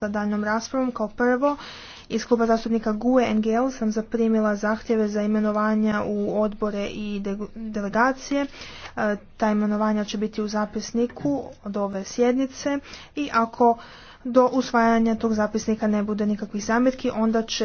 za daljnom raspravom. Kao prvo, iz kluba zastupnika GUE NGL sam zaprimila zahtjeve za imenovanja u odbore i delegacije. E, ta imenovanja će biti u zapisniku od ove sjednice i ako do usvajanja tog zapisnika ne bude nikakvih zametki, onda će